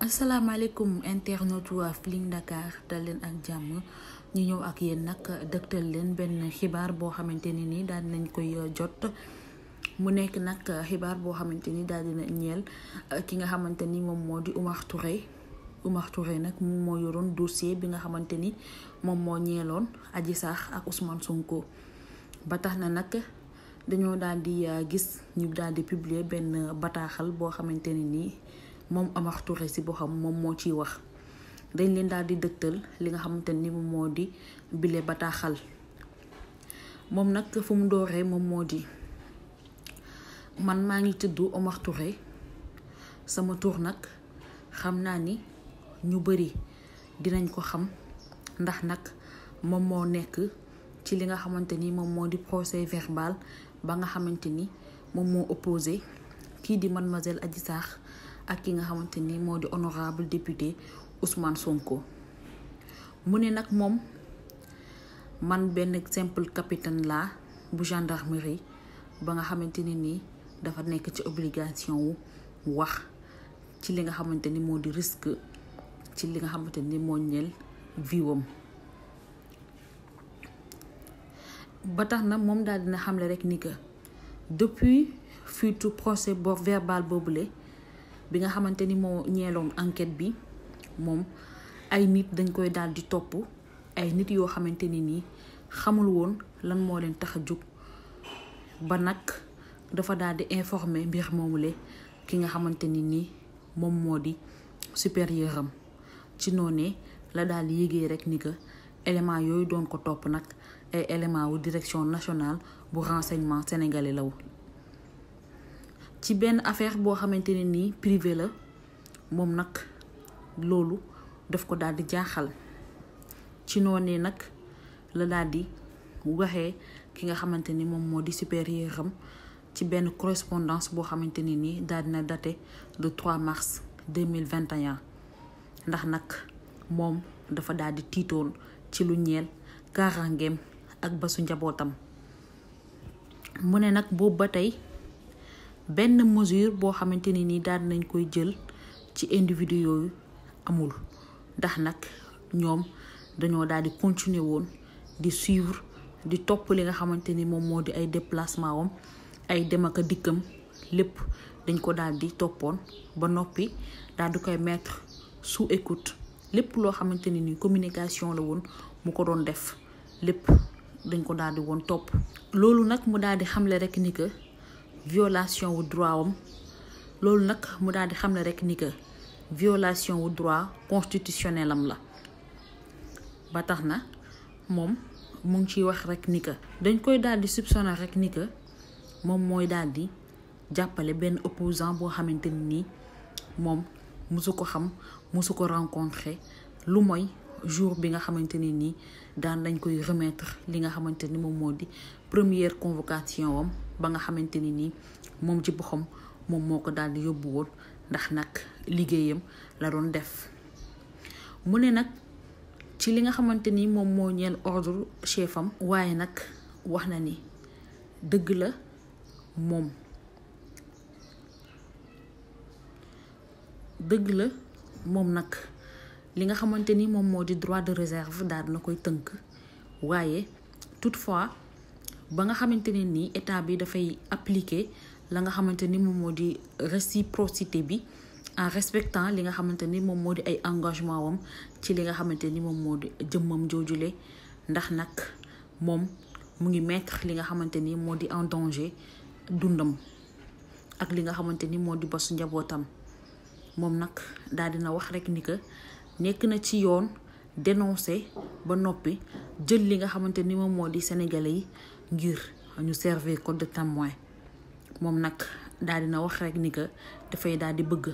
asalaamaaleykum internaute waa Feeling Dakar dal leen ak jàmm ñu ñëw ak yéen nag dëgtal leen benn xibaar boo xamante ne ni daal nañ koy euh, jot mu nekk nag xibaar boo xamante ni daal dina ñeel euh, ki nga xamante ni moom moo di Oumar Touré Oumar Touré nag moom moo yoroon dossier bi nga xamante ni moom moo ñeeloon Adji sax ak Ousmane Sonko ba tax na nag dañoo daal di euh, gis ñu daal di publier benn bataaxal boo xamante ne nii. moom Amar Touré si boo xam moom moo ciy wax dañ leen daal di dëktal li nga xamante ni moom moo di bile bataaxal moom nag fu mu dooree moom moo di man maa ngi tudd Omar sama tur nag xam naa ni ñu bari dinañ ko xam ndax nag moom moo nekk ci li nga xamante ni moom moo di procès verbal ba nga xamante ni moom moo opposé kii di mademoiselle Adji Sarr ak ki nga xamante ni moo di honorable député Ousmane Sonko mu ne nag moom man benn simple capitaine la bu gendarmerie ba nga xamante ne nii dafa nekk ci obligation wu wax ci li nga xamante ni moo di risque ci li nga xamante ni moo ñeel viwam ba tax na moom daal dina xamle rek ni que depuis fuitu procès bo verbal bi nga xamante ni moo ñeeloom enquête bi moom ay nit dañ koy daal di topp ay nit yoo xamante ni nii xamul woon lan moo leen tax a jóg ba nag dafa daal di informer mbir moomule ki nga xamante ni nii moom moo di supérieur am ci noonee la daal di yégee rek ni que élément yooyu doon ko topp nag ay élément wu direction nationale bu renseignement sénégalais law ci benn affaire boo xamante ne nii privé la moom nag loolu daf ko daal di jaaxal ci noonee nag la daal di waxee ki nga xamante ni moom moo di supérieur am ci benn correspondance boo xamante ne nii daal dina date le 3 mars 2021 ndax nag moom dafa daal di tiitoon ci lu ñeel kaaraangeem ak basu njabootam mu ne nag boobu ba tey benn mesure boo xamante ne ni daan nañ koy jël ci individu yooyu amul ndax nag ñoom dañoo daal di continuer woon di suivre di topp li nga xamante ni moom moo di ay déplacement wam ay dem ak a dikkam lépp dañ ko daal di toppoon ba noppi daal di koy mettre sous écoute lépp loo xamante ne ni communication la woon mu ko doon def lépp dañ ko daal di woon topp loolu nag mu daal xamle rek ni que violation wu droit wam loolu nag mu daal di xam ne rek ni que violation wu droit constitutionnel am la ba tax na moom mu ngi ciy wax rek ni que dañ koy daal di soupçonner rek ni que moom mooy daal di jàppale benn opposant boo xamante ni nii moom musu ko xam musu ko rencontrer lu mooy jour bi nga xamante ni nii daan lañ koy remettre li nga xamante ni moom moo di première convocation am ba nga xamante ni nii moom ci boppam moom moo ko daal di yóbbu ndax nag liggéeyam la doon def mu ne nag ci li nga xamante ni moom moo ñeel ordre chef am waaye nag wax na ni dëgg la moom dëgg la moom nag li nga xamante ni moom moo di droit de réserve daal na koy tënk waaye toutefois ba nga xamante ne nii état bi dafay appliquer la nga xamante ni moom moo di réciprocité bi en respectant li nga xamante ni moom moo di ay engagement wam ci li nga xamante ni moom moo di jëmmam joojule ndax nag moom mu ngi mettre li nga xamante ni moo di en danger dundam ak li nga xamante ni moo di basu njabootam moom nag daal dina wax rek ni que nekk na ci yoon dénoncé ba noppi jël li nga xamante ni moom moo di sénégalais yi ngir ñu servir ko de témoin moom nag daal na wax rek ni que dafay daal di bëgg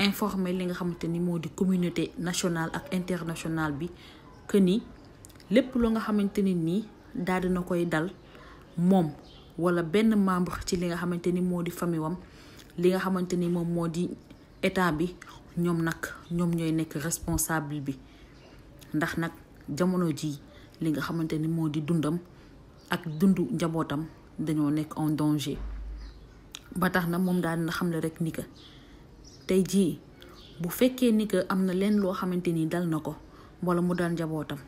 informer li nga xamante ni moo di communauté nationale ak internationale bi que ni lépp lu nga xamante ni nii daal dina koy dal moom wala benn membre ci li nga xamante ni moo di famille wam li nga xamante ni moom moo di état bi ñoom nag ñoom ñooy nekk responsable bi ndax nag jamono ji li nga xamante ni moo di dundam ak dundu njabootam dañoo nekk en danger ba tax na moom daal na xam le rek nika tey jii bu fekkee ni que am na leen loo xamante ni dal na ko wala mu dal njabootam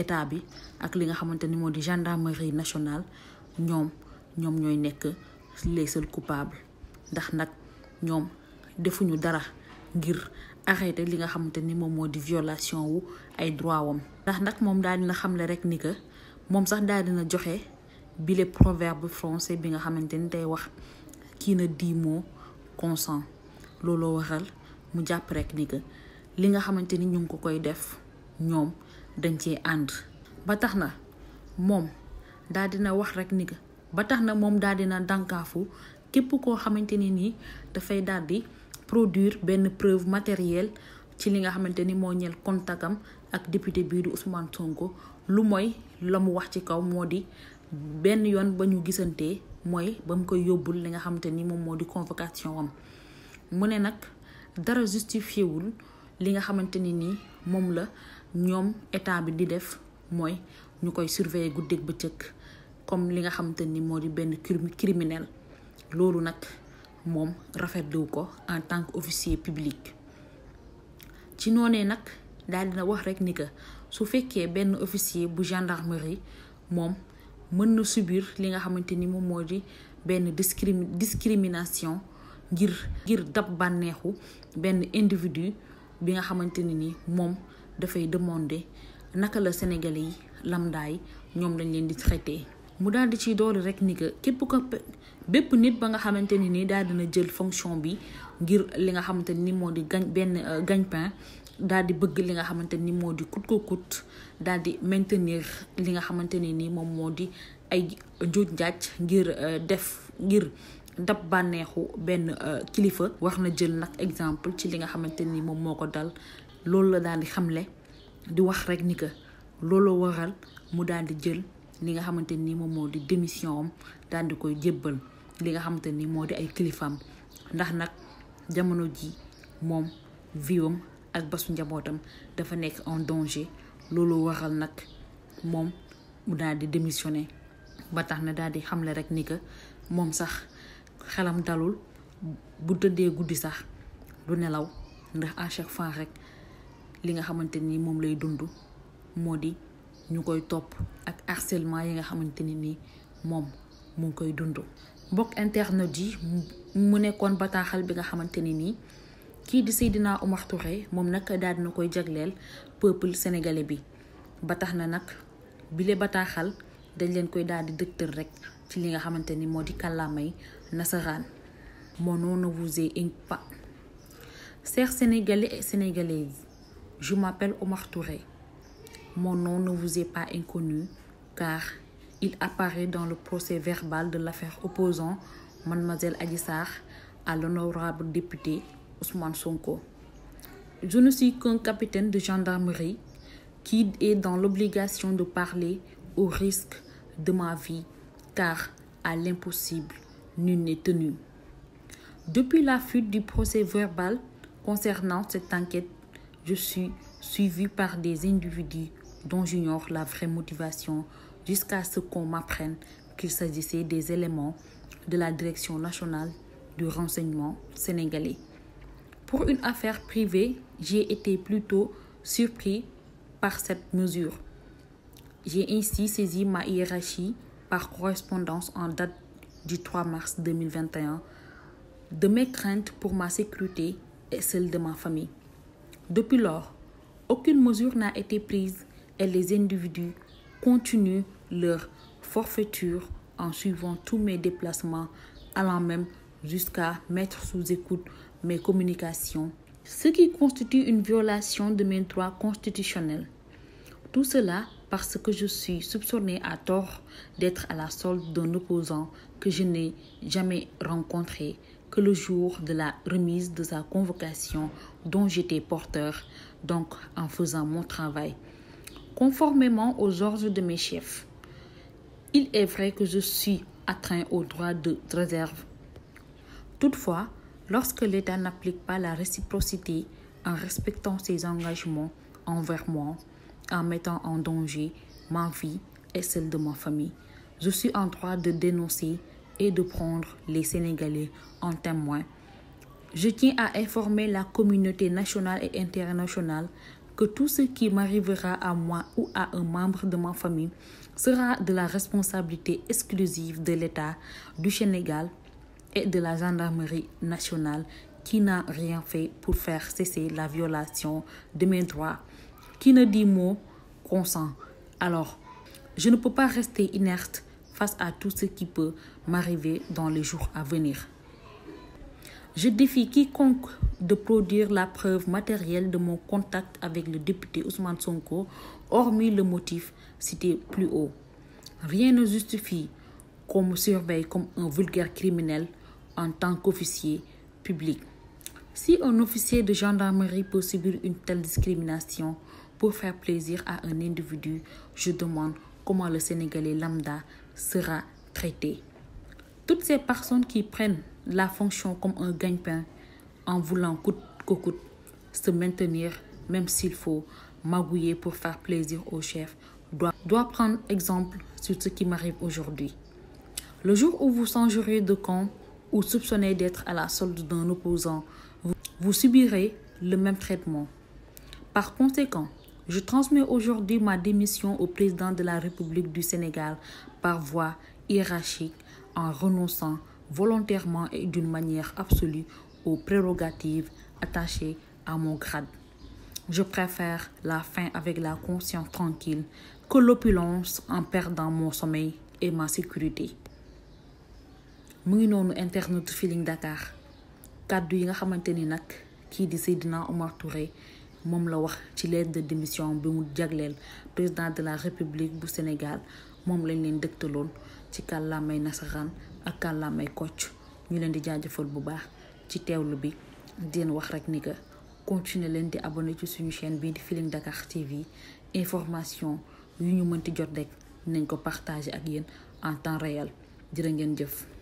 état bi ak li nga xamante ni moo di gendarmerie nationale ñoom ñoom ñooy nekk les seuls coupables ndax nag ñoom defuñu dara ngir arrêté li nga xamante ni moom moo di violation wu ay droit wam ndax nag moom daal dina xamle rek nika moom sax daal dina joxe bile proverbe français bi nga xamante ni tey wax kii na dix mots consent looloo waxal mu jàpp rek ni que li nga xamante ni ñu ngi ko koy def ñoom dañ ci ànd ba tax na moom daal dina wax rek ni que ba tax na moom daal dina dànkaafu képp koo xamante ni nii dafay daal di produire benn preuve matérielle ci li nga xamante ni moo ñeel kontakam ak député bii di Ousmane Sonko lu mooy la mu wax ci kaw moo di benn yoon ba ñu gisantee mooy ba mu koy yóbbul li nga xamante ni moom moo di convocation am mu ne nag dara justifié wul li nga xamante ni nii moom la ñoom état bi di def mooy ñu koy surveiller ba bëccëg comme li nga xamante ni moo di benn criminel loolu nag moom rafetlu ko en tant qu'officier public ci noonee nag daal dina wax rek ni que su fekkee benn officier bu gendarmerie moom mën na subir li nga xamante ni moom moo di benn discrim discrimination ngir ngir dab bànneexu benn individu bi nga xamante ne ni moom dafay demander naka la sénégalais yi lambda ñoom lañ leen di traité. mu daal di ci doole rek ni que képp ko bépp nit ba nga xamante ne ni daal dina jël fonction bi ngir li nga xamante ni moo di gañ benn euh, gagne-pain daal di bëgg li nga xamante ni moo di kut daal di maintenir li nga xamante ne ni moom moo di ay njuuj njaaj ngir euh, def ngir dab bànneexu benn euh, kilifa wax na jël nag exemple ci li nga xamante ni moom moo ko dal loolu la daal di xamle di wax rek ni que loolu waral mu daal di jël li nga xamante ni moom moo di démission am daal di koy jébbal li nga xamante ni moo di ay kilifaam ndax nag jamono ji moom viwam ak basu njabootam dafa nekk en danger loolu waral nag moom mu daal di démissionné ba tax na daal di xamle rek ni que moom sax xelam dalul bu tëddee guddi sax du nelaw ndax à chaque fois rek li nga xamante ni moom lay dund moo di ñu koy topp ak harcèlement yi nga xamante ni nii moom mu ngi koy dundu mbokk internet yi mu nekkoon bataaxal bi nga xamante ni nii. kii di Seydina Oumar Touré moom nag daal dina koy jagleel peuple sénégalais bi ba na nag bile bataaxal dañ leen koy daal di dëgtër rek ci li nga xamante ni moo di kàllaamay nasaraan moo noonu vous un pas chers sénégalais et sénégalaises je m'appelle Oumar Touré mon nom ne vous est pas inconnu car il apparaît dans le procès verbal de l'affaire opposant mademoiselle Adji Sarr l'honorable député Ousmane Sonko. Je ne suis qu'un capitaine de gendarmerie qui est dans l'obligation de parler au risque de ma vie, car à l'impossible, nul n'est tenu. Depuis la fuite du procès verbal concernant cette enquête, je suis suivi par des individus dont j'ignore la vraie motivation jusqu'à ce qu'on m'apprenne qu'il s'agissait des éléments de la Direction nationale du renseignement sénégalais. Pour une affaire privée, j'ai été plutôt surpris par cette mesure. J'ai ainsi saisi ma hiérarchie par correspondance en date du 3 mars 2021 de mes craintes pour ma sécurité et celle de ma famille. Depuis lors, aucune mesure n'a été prise et les individus continuent leur forfaiture en suivant tous mes déplacements, allant même jusqu'à mettre sous écoute mes communications, ce qui constitue une violation de mes droits constitutionnels. Tout cela parce que je suis soupçonnée à tort d'être à la solde d'un opposant que je n'ai jamais rencontré que le jour de la remise de sa convocation dont j'étais porteur, donc en faisant mon travail, conformément aux ordres de mes chefs. Il est vrai que je suis atteint au droit de réserve. Toutefois, Lorsque l'État n'applique pas la réciprocité en respectant ses engagements envers moi, en mettant en danger ma vie et celle de ma famille, je suis en droit de dénoncer et de prendre les Sénégalais en témoin. Je tiens à informer la communauté nationale et internationale que tout ce qui m'arrivera à moi ou à un membre de ma famille sera de la responsabilité exclusive de l'État du Sénégal de la gendarmerie nationale qui n'a rien fait pour faire cesser la violation de mes droits, qui ne dit mot consent. Alors, je ne peux pas rester inerte face à tout ce qui peut m'arriver dans les jours à venir. Je défie quiconque de produire la preuve matérielle de mon contact avec le député Ousmane Sonko, hormis le motif cité plus haut. Rien ne justifie qu'on surveille comme un vulgaire criminel en tant qu'officier public. Si un officier de gendarmerie peut subir une telle discrimination pour faire plaisir à un individu, je demande comment le Sénégalais lambda sera traité. Toutes ces personnes qui prennent la fonction comme un gagne-pain en voulant coûte que coûte se maintenir, même s'il faut magouiller pour faire plaisir au chef, doit prendre exemple sur ce qui m'arrive aujourd'hui. Le jour où vous changerez de camp, ou soupçonné d'être à la solde d'un opposant, vous subirez le même traitement. Par conséquent, je transmets aujourd'hui ma démission au président de la République du Sénégal par voie hiérarchique en renonçant volontairement d'une manière absolue aux prérogatives attachées à mon grade. Je préfère la fin avec la conscience tranquille que l'opulence en perdant mon sommeil et ma sécurité. mu ngi noonu internet Feeling Dakar kàddu yi nga xamante ni nag kii di Seydina Omar Touré moom la wax ci lettre de démission bi mu jagleel président de la république bu Sénégal moom lañ leen dëgtaloon ci kàllaamay nasaraan ak kàllaamay kocc ñu leen di jaajëfal bu baax ci teewlu bi deen wax rek ni que continuer leen di abonné ci suñu chaîne bii di Feeling Dakar TV information yu ñu mënti jot rek nañ ko partager ak yéen en temps réel jërë ngeen jëf